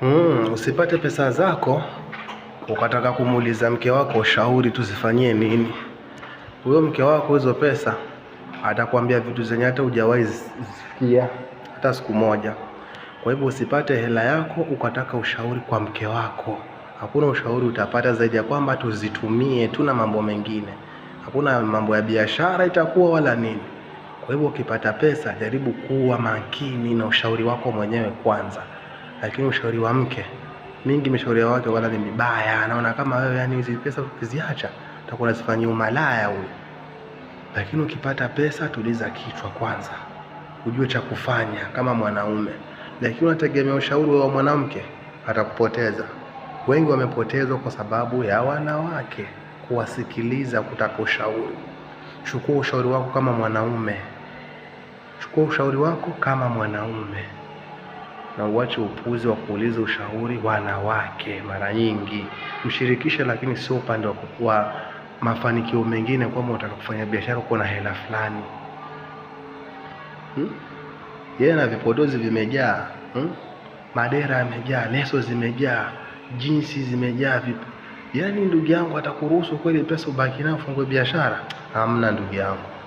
Hmm, usipate pesa zako ukataka kumuuliza mke wako ushauri tuzifanyie nini. Huyo mke wako hizo pesa atakwambia vitu zenye hata hujawahi sikia hata siku moja. Kwa hivyo usipate hela yako ukataka ushauri kwa mke wako. Hakuna ushauri utapata zaidi ya kwamba tuzitumie tu na mambo mengine. Hakuna mambo ya biashara itakuwa wala nini. Kwa hivyo ukipata pesa, jaribu kuwa makini na ushauri wako mwenyewe kwanza lakini ushauri wa mke mingi, mishauri ya wake wala ni mibaya. Anaona kama wewe, yani hizi pesa ukiziacha utakuwa unazifanyia umalaya huyu. Lakini ukipata pesa, tuliza kichwa kwanza, ujue cha kufanya kama mwanaume. Lakini unategemea ushauri wa mwanamke, atakupoteza. Wengi wamepotezwa kwa sababu ya wanawake kuwasikiliza kutaka ushauri. Chukua ushauri wako kama mwanaume, chukua ushauri wako kama mwanaume na uache upuzi wa kuuliza ushauri wanawake. Mara nyingi mshirikishe, lakini sio upande wa kukua mafanikio mengine, kwamba unataka kufanya biashara uko na hela fulani hmm? Yeye na vipodozi vimejaa hmm? Madera yamejaa, leso zimejaa, jinsi zimejaa vipi? Yaani ndugu yangu, atakuruhusu kweli pesa ubaki nayo ufungue biashara? Hamna ndugu yangu.